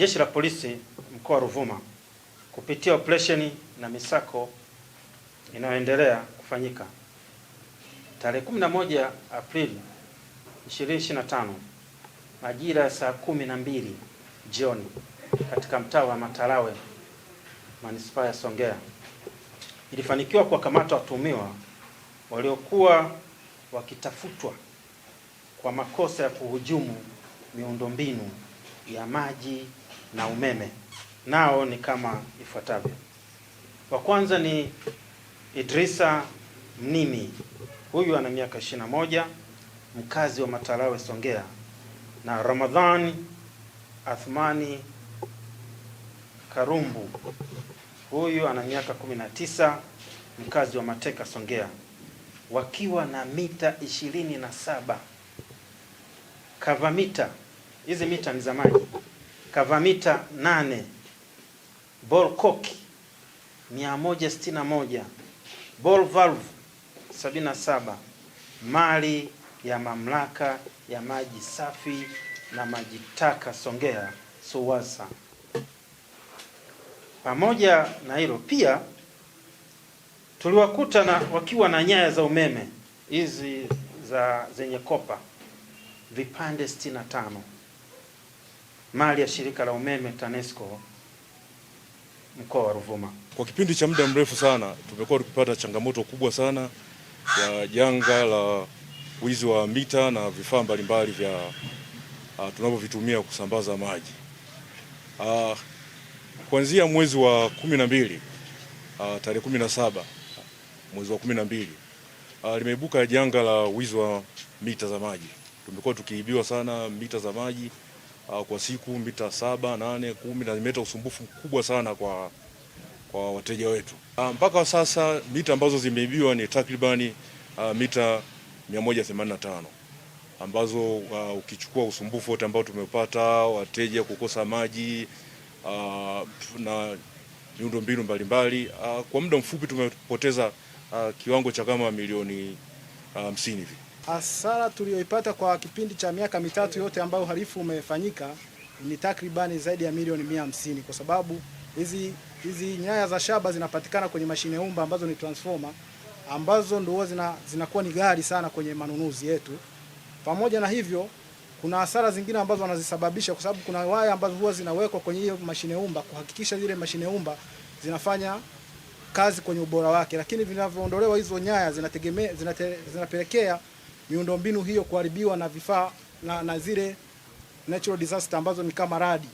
Jeshi la Polisi mkoa wa Ruvuma kupitia operesheni na misako inayoendelea kufanyika tarehe 11 Aprili 2025 majira ya saa kumi na mbili jioni katika mtaa wa Matalawe manispaa ya Songea ilifanikiwa kuwakamata watuhumiwa waliokuwa wakitafutwa kwa makosa ya kuhujumu miundombinu ya maji na umeme, nao ni kama ifuatavyo. Wa kwanza ni Idrisa Mnimi, huyu ana miaka 21, mkazi wa matarawe Songea, na Ramadhani Athmani Karumbu, huyu ana miaka 19, mkazi wa Mateka, Songea, wakiwa na mita 27 saba kavamita Hizi mita ni za maji Kavamita 8, cock 161, ball valve 77, mali ya mamlaka ya maji safi na maji taka Songea SUWASA. Pamoja na hilo pia tuliwakuta na wakiwa na nyaya za umeme hizi za zenye kopa vipande 65 mali ya shirika la umeme TANESCO mkoa wa Ruvuma. Kwa kipindi cha muda mrefu sana tumekuwa tukipata changamoto kubwa sana ya janga la wizi wa mita na vifaa mbalimbali vya uh, tunavyovitumia kusambaza maji uh, kuanzia mwezi wa kumi na mbili uh, tarehe kumi na saba mwezi wa kumi na mbili uh, limeibuka janga la wizi wa mita za maji. Tumekuwa tukiibiwa sana mita za maji kwa siku mita saba, nane, kumi na imeleta usumbufu mkubwa sana kwa, kwa wateja wetu. Ah, mpaka sasa mita ambazo zimeibiwa ni takribani uh, mita 185 ambazo uh, ukichukua usumbufu wote ambao tumepata wateja kukosa maji uh, na miundombinu mbalimbali uh, kwa muda mfupi tumepoteza uh, kiwango cha kama milioni hamsini uh, hivi. Hasara tuliyoipata kwa kipindi cha miaka mitatu yote ambayo uhalifu umefanyika ni takribani zaidi ya milioni mia hamsini kwa sababu hizi hizi nyaya za shaba zinapatikana kwenye mashine umba ambazo ni transformer ambazo ndio zina, zinakuwa ni gari sana kwenye manunuzi yetu. Pamoja na hivyo, kuna hasara zingine ambazo wanazisababisha kwa sababu kuna waya ambazo huwa zinawekwa kwenye hiyo mashine umba kuhakikisha zile mashine umba zinafanya kazi kwenye ubora wake, lakini vinavyoondolewa hizo nyaya zinategemea zinate, zinapelekea miundombinu hiyo kuharibiwa na vifaa na, na zile natural disaster ambazo ni kama radi